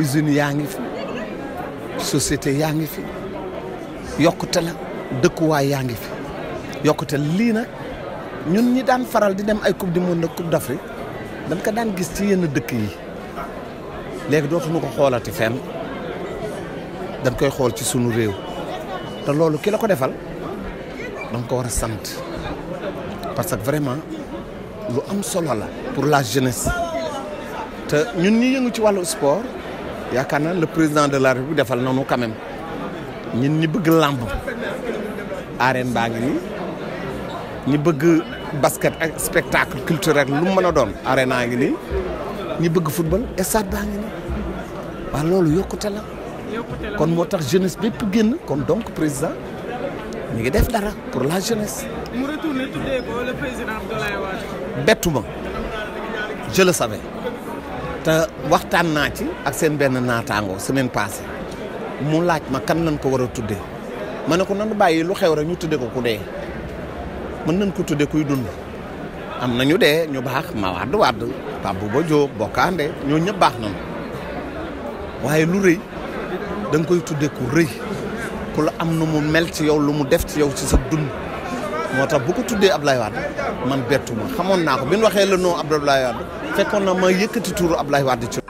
usines yaa ngi fi société yaa ngi fi yokkute dëkkuwaay yaa ngi fi yokkute lii nag ñun ñi daan faral di dem ay coupe du monde coupe d'Afrique dañ ko daan gis ci yenn dëkk yi léegi dootuñu ko xoolati fenn dañ koy xool ci sunu réew te loolu ki la ko defal danga ko war a sant parce que vraiment lu am solo la pour la jeunesse te ñun ñi yëngu ci wàllu sport yaakaar na le président de la république defal noonu quand même ñun ñi bëgg làmb arène baa ngi nii ñi bëgg basket ak spectacle culturel lu mu mën a doon arène a ngi nii ñi bëgg football stade baa ngi nii waaw loolu yokkute la kon moo tax jeunesse bépp génn kon donc président ñu ngi def dara pour la jenes mu retourné tuddee ko bettu ma je le waxtaan naa ci ak seen benn naataango semaine passée mu laaj ma kan lañ ko war a tuddee ma ne ko nanu bàyyi lu xew ñu tuddee ko ku dee mën nañ ko tuddee kuy dund am na ñu dee ñu baax ma wàdd wàdd Pape Bouba Diop Bokande ñoo ñëpp baax nañu waaye lu rëy da nga koy tuddee ku rëy. ku la am nu mu mel ci yow lu mu def ci yow ci sa dund moo tax bu ko tuddee ab Ablaye Wade man bettu ma xamoon naa ko bi ñu waxee le nom Abdoulaye Wade on na ma yëkkati tuuru Ablaye Wade ci